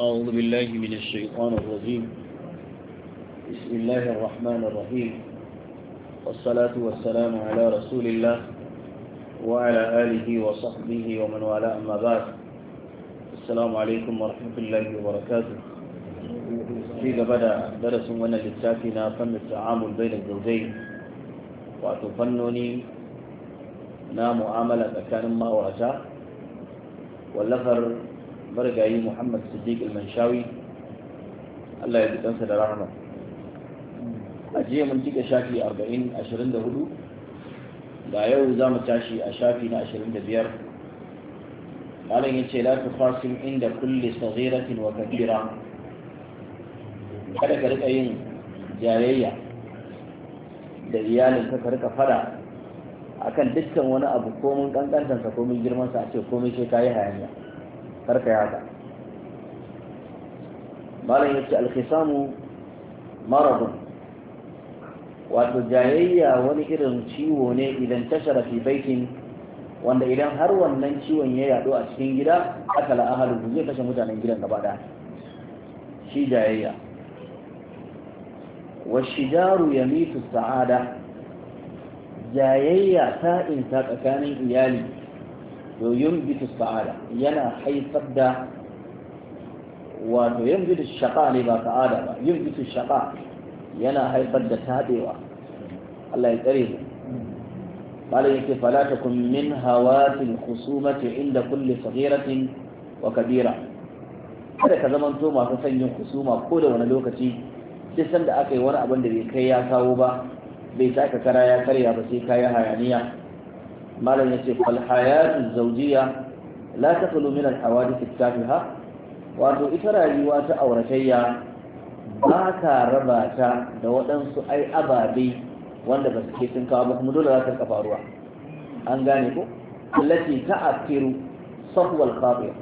أعوذ بالله من الشيطان الرجيم بسم الله الرحمن الرحيم والصلاة والسلام على رسول الله وعلى آله وصحبه ومن والاه أما بعد السلام عليكم ورحمة الله وبركاته في بدأ درس من للتافنا فن التعامل بين الزوجين وتفنني نام na كان ما ma'aurata wallafar marigayi muhammad siddiq al-manshawi Allah ya dukansa da rahama a jiya mun cika shafi 40 24 da yau za mu tashi a shafi na 25 malam ya ce la tufasim inda kulli saghiratin wa kabira kada ka rika yin jayayya da iyalin ka rika fada akan dukkan wani abu komin kankantansa komin girmansa a ce komai sai ka yi hayaniya karka ya haka malam ya ce alkhisamu maradun wato jayayya wani irin ciwo ne idan ta sharafi baikin wanda idan har wannan ciwon ya yaɗo a cikin gida aka la'ahalin zai kashe mutanen gidan gaba shi jayayya wa washijaru ya mitu sa'ada jayayya ta tsakanin iyali to yumbitu sa'ada yana haifar da wato yumbitu ne ba sa'ada ba yumbitu yana haifar da tabewa Allah ya tsare mu malai yake falata kun min hawatin khusumati inda kulli saghiratin wa kabira kada ka zamanto masu yin kusuma ko da wani lokaci duk sanda aka yi wani abin da bai kai ya kawo ba bai taka kara ya karya ba sai kayi hayaniya malam yace fal hayatu zawjiyya la taqulu min al hawadith al wato ita rayuwa ta auratayya ba ka raba ta da waɗansu ai ababe wanda ba su ke sun kawo ba kuma dole za ta kafa ruwa. an gane ko allati ta'athiru sahwal khatiya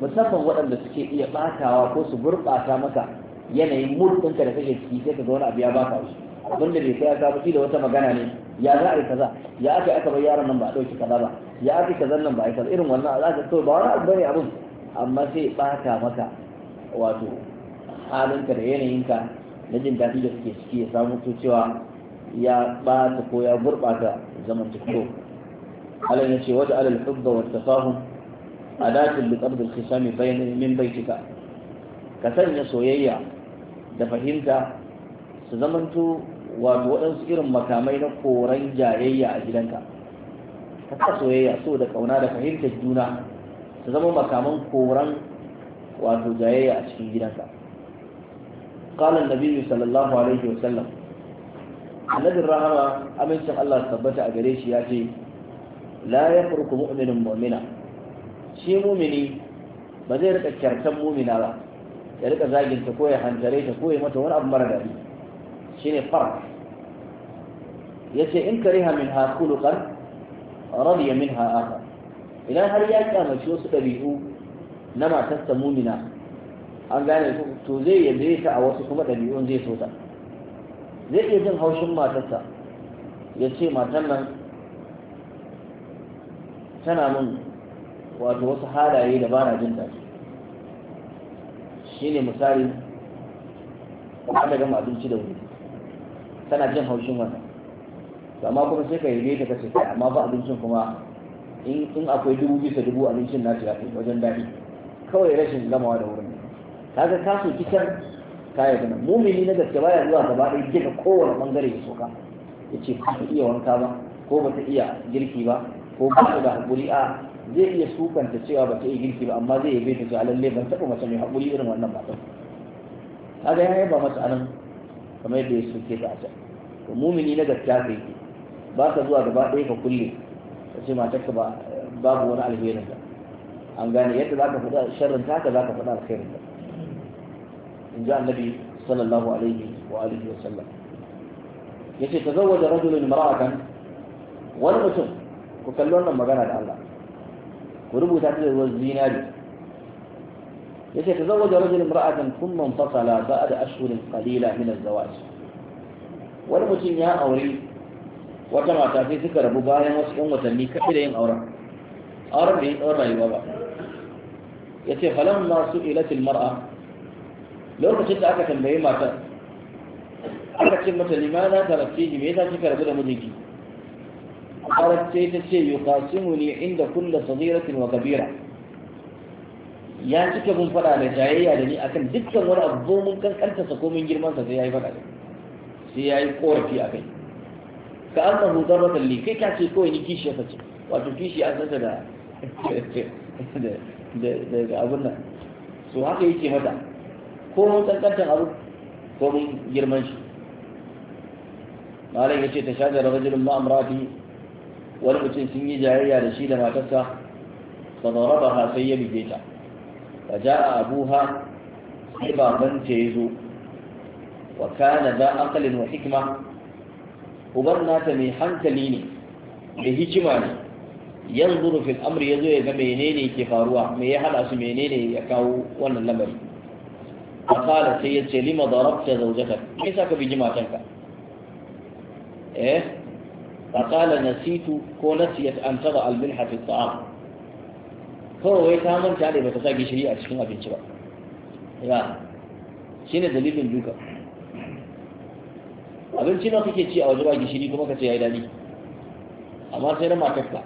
musamman waɗanda suke iya ɓatawa ko su gurɓata maka yanayin mood ɗinka da kake ciki sai ka ga wani abu ya baka shi abinda bai kai ka ba da wata magana ne ya za a yi kaza ya aka aka bai yaron nan ba a ɗauki kaza ba ya aka kaza nan ba a yi kaza irin wannan za ka kawai ba wani abu bane abin amma sai ɓata maka wato halinka da yanayinka na jin daɗi da suke ciki ya samu to cewa ya ɓata ko ya gurɓata zaman tiktok alal ya ce wata alal hubba wa tafahum adatun bi qabd al-khisam bayna min baytika ka sanya soyayya da fahimta su zamanto wato waɗansu irin makamai na koran jayayya a gidanka ka sa soyayya so da kauna da fahimtar juna ta zama makaman koran wato jayayya a cikin gidanka qala an-nabi sallallahu alaihi wa sallam rahama amincin Allah tabbata a gare shi ya ce la furku mu'minin mu'mina shi mu'mini ba zai rika kyartan mu'mina ba ya rika zaginta ko ya hantare ta ko ya mata wani abu mara daɗi shine farq yace in kariha minha khuluqan radiya minha akhar idan har ya kyamaci wasu ɗabi'u na matarsa mumina an gane to zai yabe ta a wasu kuma ɗabi'un zai so ta zai iya jin haushin matarsa ya ce matan nan tana mun wato wasu halaye da bana jin daɗi shine misali ba ta gama abinci da wuri tana jin haushin wannan to amma kuma sai ka yi ta kace kai amma ba abincin kuma in in akwai dubu bisa dubu abincin na ya wajen daɗi kawai rashin gamawa da wurin kaga ka soki can kaya gana mumini na gaske baya zuwa gaba ɗaya da kowane bangare ya soka ya ce ba ta iya wanka ba ko ba ta iya girki ba ko ba ta da haƙuri a zai iya sukanta cewa ba ta iya girki ba amma zai yabe ta cewa lalle ban taɓa mace mai hakuri irin wannan ba ta kaga ya ba mata anan kamar yadda ya soke ka a can to mumini na gaskiya ka yake ba ka zuwa gaba ɗaya ka kulle ka ce matar ka babu wani alherin ka an gane yadda za ka faɗa sharrin ta za ka faɗa alherin ka in ji annabi sallallahu alaihi wa alihi wa sallam Ya ce ta yace tazawwaja rajulun imra'atan wani mutum ku kalli wannan magana da Allah ku rubuta ta da ruwan zinari يجي تزوج رجل امرأة ثم انفصل بعد أشهر قليلة من الزواج ولمتن يا أوري وكما تافي ذكر أبو بايا وسكن وتنمي كبيرين أورا أورا بين أورا يبابا يتي فلما سئلت المرأة لو كنت أكا ما ماتا أكا تنمت لماذا تركتيه ميتا تكر بلا مدنكي قالت سيتسي يقاسمني عند كل صغيرة وكبيرة ya cika mun faɗa da jayayya da ni akan dukkan wani abu mun kankanta sa ko mun girman sa sai yayi faɗa da sai yayi korafi a kai ka an tsaho zarratan li kai ka ce kawai ni kishi ya sace wato kishi an sasa da da abun nan so haka yake mata ko mun kankantan abu ko mun girman shi malam yace ta da rajulun ma amrati wani mutum sun yi jayayya da shi da matarsa fa darabaha sai ya bige ta fa ja'a abuha sai baban ta yazo wa kana da aqlin wa hikma uban nata mai hankali ne da hikima ne yanzu fil amri yazo ya ga menene ke faruwa mai ya hada su menene ya kawo wannan lamari fa qala sai yace lima da da darabta zawjaka me saka biji matanka eh fa qala nasitu ko nasiyat an tada albin milha fi ta'am kawai wai ta manta da baka sa gishiri a cikin abinci ba ya shine dalilin duka abinci na kake ci a waje ba gishiri kuma ka ce yi dadi amma sai na matarka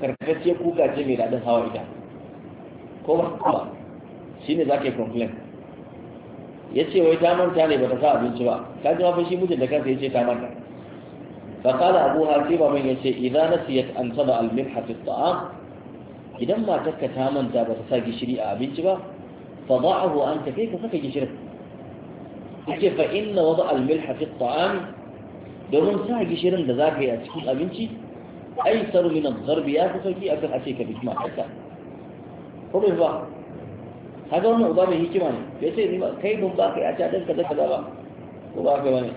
karkaciyar kuka ce mai daɗin hawa ita ko ba kuma shi ne za ka yi complain ya ce wai ta manta ne ba ta sa abinci ba ka ji mafi shi mutum da kansa ya ce ta manta فقال kala abu hasiba min ya ce idan nasiyat الملح في الطعام idan matarka ta manta ba ta sa gishiri a abinci ba fa da'ahu anta kai ka saka gishirin yake fa inna wada al-milha fi taam domin sa gishirin da zaka yi a cikin abinci Ai aisar min ad-darb ya fi sauki akan ace ka bikma haka ko bai ba haka wannan uba mai hikima ne Bai ce kai ban ba kai a ta dan kaza kaza ba ko ba kai bane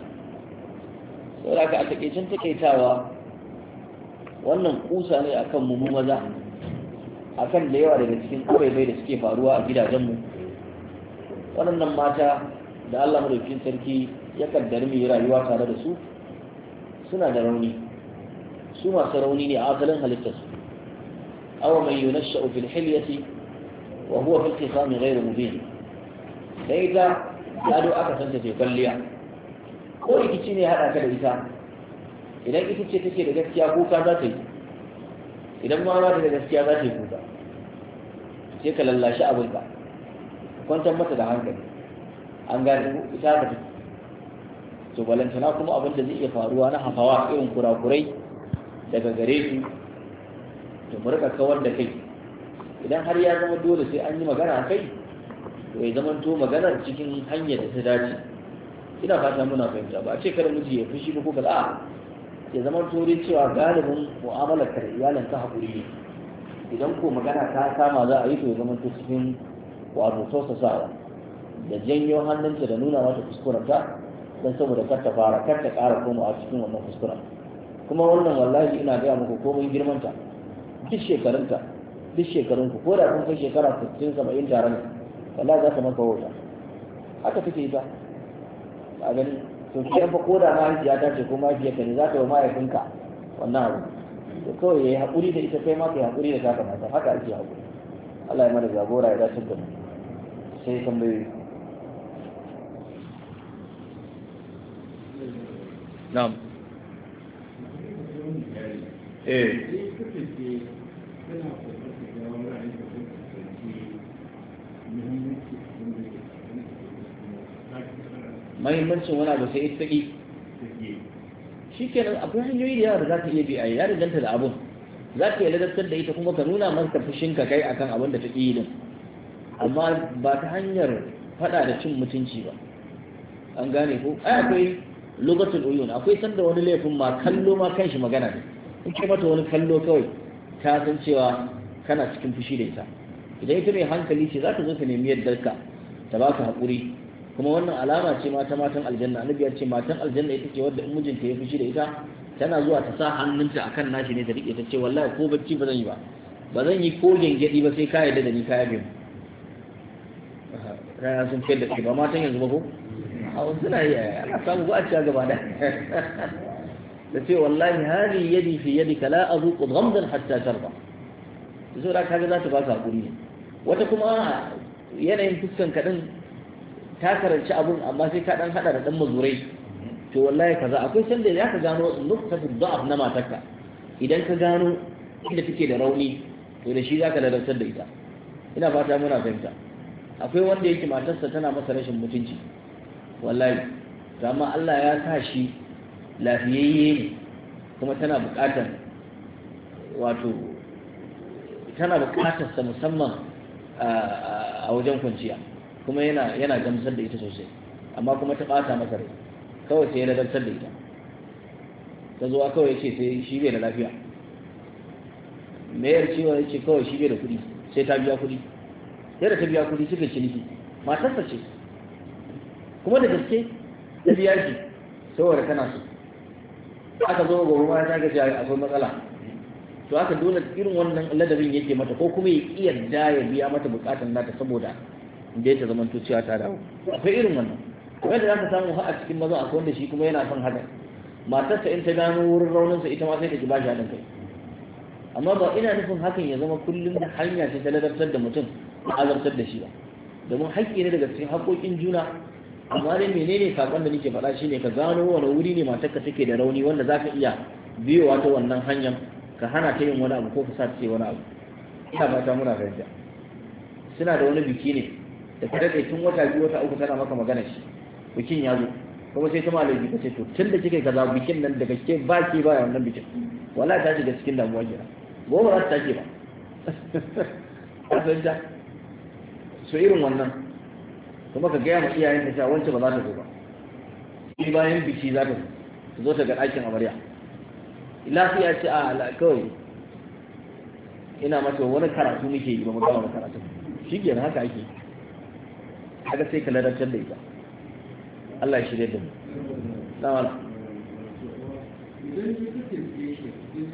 saboda ka a takeicin takaitawa wannan kusa ne akan mu maza a kan da yawa daga cikin mai da suke faruwa a gidajenmu waɗannan mata da Allah madaukakin sarki ya kaddari mai rayuwa tare da su suna da rauni su masu rauni ne a asalin halittar su aw man yunashsha'u fil hiliyasi wa huwa fil khisam ghayr mubin da ita yado aka san ce kwalliya ko rikici ne hada ka da ita idan ita ce take da gaskiya kuka za ta yi idan ma ba da gaskiya za ta yi kuka sai ka lallashi abin ka kwantar mata da hankali an gari ita ka ta to balantana kuma abin da zai iya faruwa na hafawa irin kurakurai daga gare su to mu kawar da kai idan har ya zama dole sai an yi magana kai to ya zama to maganar cikin hanyar da ta dace ina fata muna fahimta ba a ce kada miji ya fushi ba ko a ya zama turi cewa galibin mu'amalar ka iyalin ta haƙuri ne idan ko magana ta kama za a yi to ya zama cikin wato tausasawa da janyo hannunta da nuna mata kuskurenta don saboda kar ta fara kar ta ƙara koma a cikin wannan kuskuren kuma wannan wallahi ina gaya muku komai girmanta duk shekarunta duk shekarunku ko da kun kai shekara 60 70 tare ne wallahi za ta maka wauta haka take ita a gani to ki fa koda ma mahaifiya ta ce ko ta ne za ta wa mahaifinka wannan abu to kawai ya yi hakuri da ita kai ma ka yi hakuri da taka mata haka ake hakuri Allah ya mana jagora ya dace da mu sai tambayoyi na'am eh mahimmancin wani abu sai ita shi kenan akwai hanyoyi da yawa da za ka iya biya a ya danta da abun za ka iya ladabtar da ita kuma ka nuna masa ka kai akan abin da ta ƙi din amma ba ta hanyar faɗa da cin mutunci ba an gane ko ai akwai lokacin uyun akwai sanda wani laifin ma kallo ma kan shi magana ne in ke mata wani kallo kawai ta san cewa kana cikin fushi da ita idan ita mai hankali ce za ta zo ka nemi yadda ka ta baka haƙuri kuma wannan alama ce mata matan aljanna annabi ya ce matan aljanna ita ce wadda in mijinta ya fushi da ita tana zuwa ta sa hannunta akan nashi ne ta rike ta ce wallahi ko bacci ba zan yi ba ba zan yi ko gengedi ba sai ka yarda da ni ka yabe mu rana sun fiyar da shi ba matan yanzu ba ko a wasu na yi ana samu ba a ciya gaba da da ce wallahi hali yadi fi yadi kala a zuƙo zamzan hatta tarba da zo da kaga za ta ba su haƙuri ne wata kuma yanayin fuskan kaɗin ka karanci abun amma sai ka dan hada da dan mazurai to wallahi kaza akwai sanda ya ka gano nuktatu da'af na matarka idan ka gano inda take da rauni to da shi zaka ladantar da ita ina fata muna fahimta akwai wanda yake matarsa tana masa rashin mutunci wallahi to amma Allah ya sa shi lafiyayye ne kuma tana buƙatar wato tana buƙatar sa musamman a wajen kwanciya kuma yana yana gamsar da ita sosai amma kuma ta ɓata masa rai kawai sai na gamsar da ita ta zuwa kawai ya ce sai shi bai da lafiya mayar cewa ya ce kawai shi bai da kuɗi sai ta biya kuɗi sai da ta biya kuɗi suka ciniki matarsa ce kuma da gaske ta biya shi saboda kana so aka zo gobe ma ta gaji akwai matsala to aka dole irin wannan ladabin yake mata ko kuma ya iya da ya biya mata bukatan nata saboda dai ta zamanto cewa ta dawo akwai irin wannan wanda za ka samu ha'a cikin mazan akwai wanda shi kuma yana son haka matarsa in ta gano wurin rauninsa ita ma sai ta ki ba shi haɗin kai amma ba ina nufin hakan ya zama kullum da hanya ce ta ladabtar da mutum ba azabtar da shi ba domin haƙƙi ne daga cikin haƙoƙin juna amma dai menene sakon da nake faɗa shine ka gano wani wuri ne matarka take da rauni wanda za ka iya biyowa ta wannan hanyar ka hana ta yin wani abu ko ka sa ta ce wani abu ina ta muna fahimta suna da wani biki ne da ta daɗe tun wata biyu wata uku tana maka magana shi bikin ya zo kuma sai ta malami ta ce to tun da kike kaza bikin nan da gaske ba ke ba wannan bikin wala ta shiga cikin damuwa kenan gobe za ta take ba kasanta so irin wannan kuma ka gaya ma iyayen ta cewa wancan ba za ta zo ba ni bayan biki za ta zo ta ga ɗakin amarya lafiya ce ah, a kawai ina mata wani karatu muke yi ba mu gama karatu shi kenan haka ake kaga sai ka ladatar da ita Allah ya shirye da mu dawala da eh.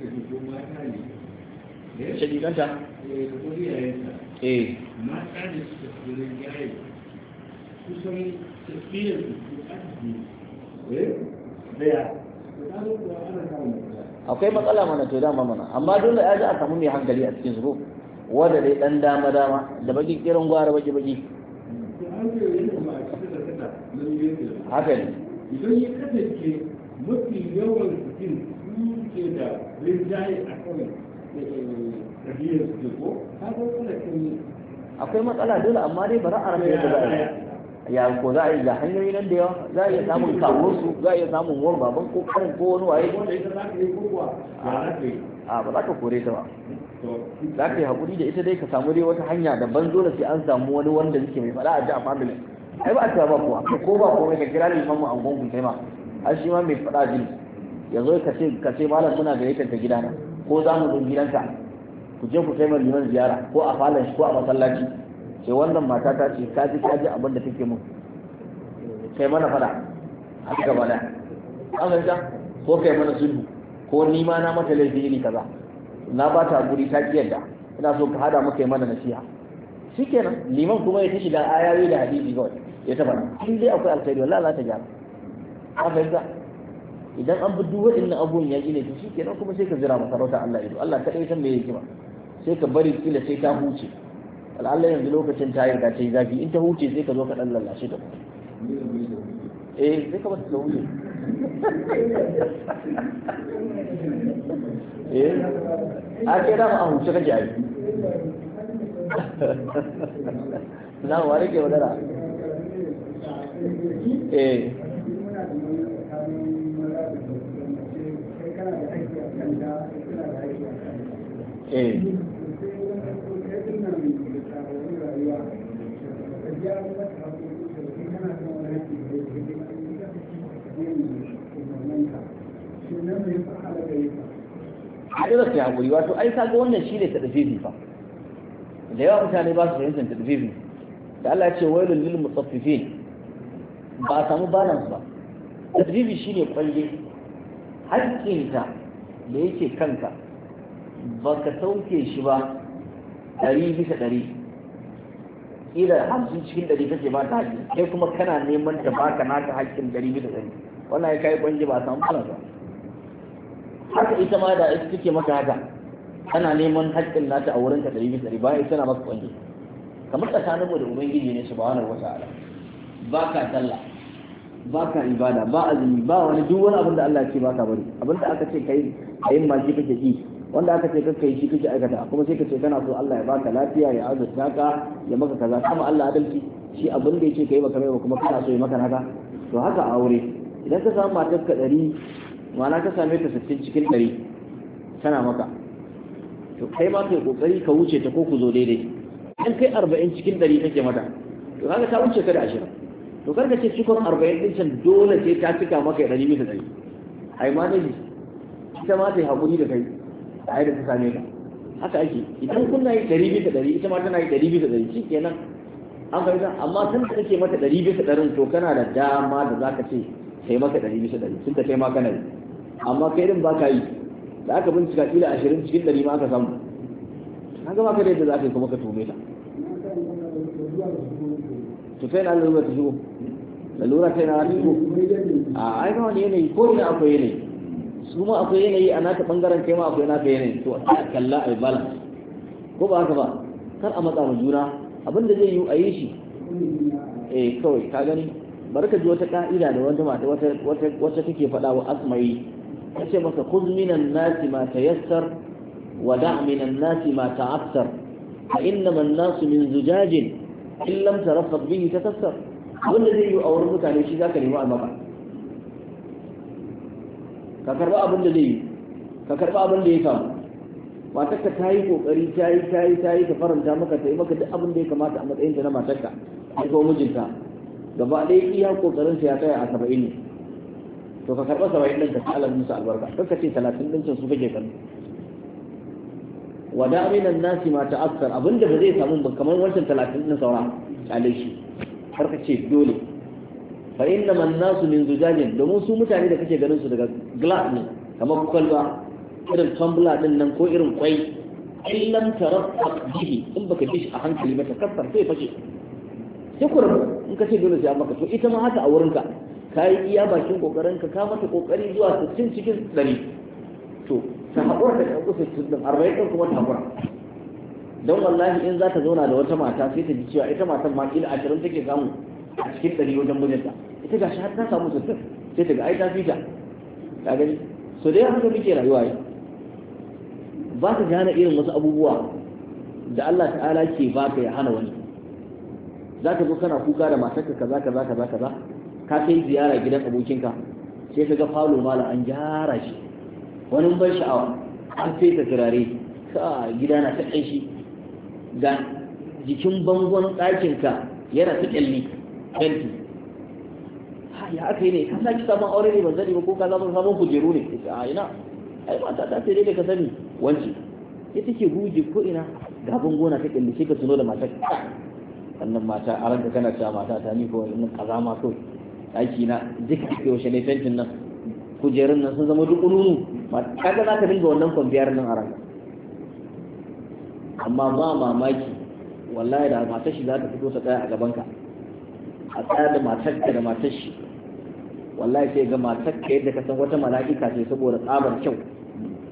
akwai matsala mana to dama mana amma dole ya ji a samu mai hankali a cikin zuru wadda dai dan dama dama da baki kiran gwara baki baki haka ne a kan eh, akwai matsala dole amma dai bari a rasa yadda za a yi ya ko za a yi da hanyoyi nan da yawa za a iya samun kawo su za a iya samun war baban ko karin ko wani waye a ba za ka kore ta ba za ka yi haƙuri da ita dai ka samu dai wata hanya da zo dole sai an samu wani wanda yake mai faɗa a ji a family ai ba a cewa ba kuwa ko ba komai ka kira mu a gungun kai ma har shi ma mai faɗa jini ya zo ka ce ka ce malam muna da yakan gida gidana ko za mu zo gidanka ku je ku kai ma liman ziyara ko a falon shi ko a masallaci sai wannan mata ta ce ka ji ka ji abin da take mun kai mana faɗa a gaba daya an ko kai mana sulhu ko ni ma na mata laifi ne kaza na ba ta guri ta da ina so ka hada muka yi mana nasiha shikenan liman kuma ya ta da ayayi da hadisi kawai ya taba in dai akwai alkhairi wallahi Allah ta gyara a fahimta idan an bi duk waɗannan abubuwan ya gine to shikenan kuma sai ka jira masarauta Allah ido Allah kadai san me yake ba sai ka bari kila sai ta huce Allah yanzu lokacin ta yarda ta yi zafi in ta huce sai ka zo ka ɗan lallashe ta eh sai ka bar ta huce eh a ke dama a huce kake ai na wari ke wadara eh eh haɗu su su haƙuri wato ai kaga wannan shi ne ta ɗafifi fa da yawa mutane ba su fahimtar ɗafifi da Allah ya ce wailul lil mutaffifin ba a samu balance ba ta shi ne ƙwalle haƙƙinka da yake kanka ba ka sauke shi ba ɗari bisa ɗari ila hamsin cikin ɗari kake ba ta haƙƙi kai kuma kana neman ta baka naka haƙƙin ɗari bisa ɗari wannan ya kai kwanje ba a samu balance ba haka ita ma da ita take maka haka ana neman haƙƙin nata a wurinka ɗari bisa ɗari bayan tana maka kwanje kamar mu da ubangiji ne subhanahu wa ta'ala ba ka sallah ba ka ibada ba azumi ba wani duk wani abin da Allah ya ce ba ka bari abin da aka ce kai ayin ma shi kake yi wanda aka ce kake ji shi kake aikata kuma sai ka ce kana so Allah ya baka lafiya ya azurta ka ya maka kaza kama Allah adalci shi abin da yake kai baka mai kuma kana so ya maka haka to haka aure idan ka samu matar ka ɗari ma'ana ka same ta sittin cikin ɗari tana maka to kai ma kai kokari ka wuce ta ko ku zo daidai in kai arba'in cikin ɗari take mata to kaga ta wuce ka da ashirin to karka ce cikon arba'in ɗin can dole sai ta cika maka ɗari bisa ɗari ai ma dai ita ma ta yi haƙuri da kai a yi da ta same ka haka ake idan na yi ɗari bisa ɗari ita ma tana yi ɗari bisa ɗari shi kenan an fahimta amma tun da kake mata ɗari bisa ɗarin to kana da dama da za ka ce sai maka ɗari bisa ɗari tun da kai ma kana yi amma kai din baka yi da aka bincika kila ashirin cikin ɗari ma aka samu an gama ka da za ka yi kuma ka tume ta to sai na lura ta shigo lura ta na ta shigo a ai ga wani yanayi ko ina akwai yanayi su ma akwai yanayi a naka bangaren kai ma akwai naka yanayi to a kalla a bala ko ba haka ba kar a matsa juna abin da zai yi a yi shi eh kawai ka gani barka ji wata ka'ida da wata mata wata wata take faɗa wa asmai yace masa khudh minan nasi ma tayassar wa da' minan nasi ma ta'assar fa inna man nasu min zujajin in lam taraffad bihi tatassar abin da zai yi a wurin mutane shi zaka nemi almaka ka karba abin da zai yi ka karba abin da ya samu matarka ta yi kokari ta yi ta yi ta yi ta faranta maka ta yi maka duk abin da ya kamata a matsayin ta na matarka ai ko mijinta gaba ɗaya iya kokarin sa ya tsaya a saba'in ne to ka karɓa saba'in ɗin ka Allah musu albarka kar ka ce talatin ɗin can su kake kanu. wa da aminan nasi ma ta'assar abinda ba zai samu ba kamar wancan talatin ɗin saura kyale shi kar ka ce dole fa inna man nasu min zujajin domin su mutane da kake ganin su daga glass ne kamar kwalba irin tumbler ɗin nan ko irin kwai in lam tarabbaq bihi in baka bi shi a hankali mata kasar. kaffar sai fashe sai kurbu in ka ce dole sai an maka to ita ma haka a wurinka ka yi iya bakin kokarin ka ka mata kokari zuwa 60 cikin 100 to ta haƙura da ɗan kusa cikin arba'in ɗan kuma ta haƙura don wallahi in za ta zauna da wata mata sai ta ji cewa ita matan ma kila ashirin take samu a cikin 100 wajen mijinta ita ga shi har ta samu sittin sai ta ga ai ta fita ta gani so dai haka muke rayuwa yi ba ta gane irin wasu abubuwa da Allah ta'ala ke ba ka ya hana wani za ka zo kana kuka da matarka kaza kaza kaza kaza ka kai ziyara gidan abokinka sai ka ga falo mala an gyara shi wani ban sha'awa an fesa turare ka gida na ta shi ga jikin bangon ɗakinka yana ta ƙyalli fenti ya aka yi ne ka ki samun aure ne ban zani ba ko ka zama samun kujeru ne a ina ai mata ta sai da ka sani wance ita take huje ko ina ga bango na ta ƙyalli sai ka tuno da matar wannan mata a ranka kana cewa mata ta ni ko wannan kaza ma kawai ɗaki na ake washe ne fentin nan kujerun nan sun zama duk ununu kaga za ka dinga wannan kwambiyar nan a ranka amma ba mamaki wallahi da matar shi za ta fito ta tsaya a gabanka a tsaya da matar ka da matar shi wallahi sai ga matar ka yadda ka san wata mala'ika ce saboda tsabar kyau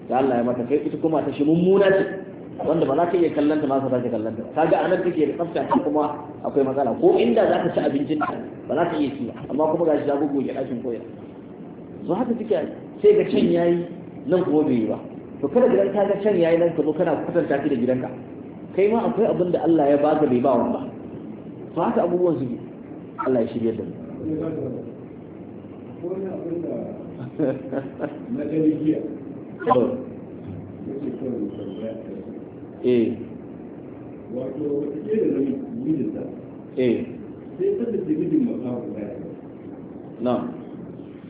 da Allah ya mata kai ita kuma ta shi mummuna ce wanda ba za ka iya kallon ta ba ka kallon ta kaga anan take da tsafta ta kuma akwai matsala ko inda za ka ci abincin ta ba za ka iya ci amma kuma shi za gugu goge ɗakin koyar zo haka take sai ga can yayi nan kuma bai yi ba to kada gidan ka ga can yayi nan ka zo kana kwatanta shi da gidanka kai ma akwai abin da Allah ya baka bai ba wani ba to haka abubuwan su Allah ya shirye da mu ko na abin da na daliliya eh wato wata ke da zama mijinta eh sai ta da mijin makawa guda na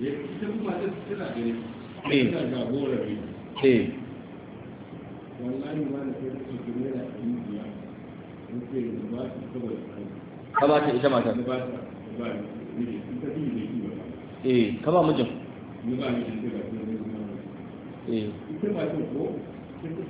ya ta kuma ta tana da ne eh ta jagorar ne eh wallahi ma da ta ce ki mera indiya muke da ba su saboda ka ba ta ita matar ba ta ba mijin ita yi da ki ba eh ka ba mijin ni ba mijin ta ba ta ne eh ita ba ta ko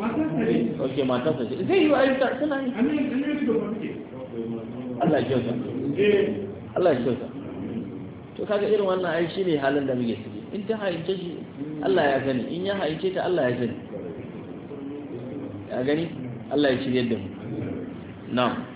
ok matarsa ce zai yi ayyuka suna yi Allah ya kyauta eh. Allah ya kyauta to kaga irin wannan ai shine halin da muke ciki in ta haice shi Allah ya gani in ya haice ta Allah ya gani ya gani Allah ya shirye da mu na'am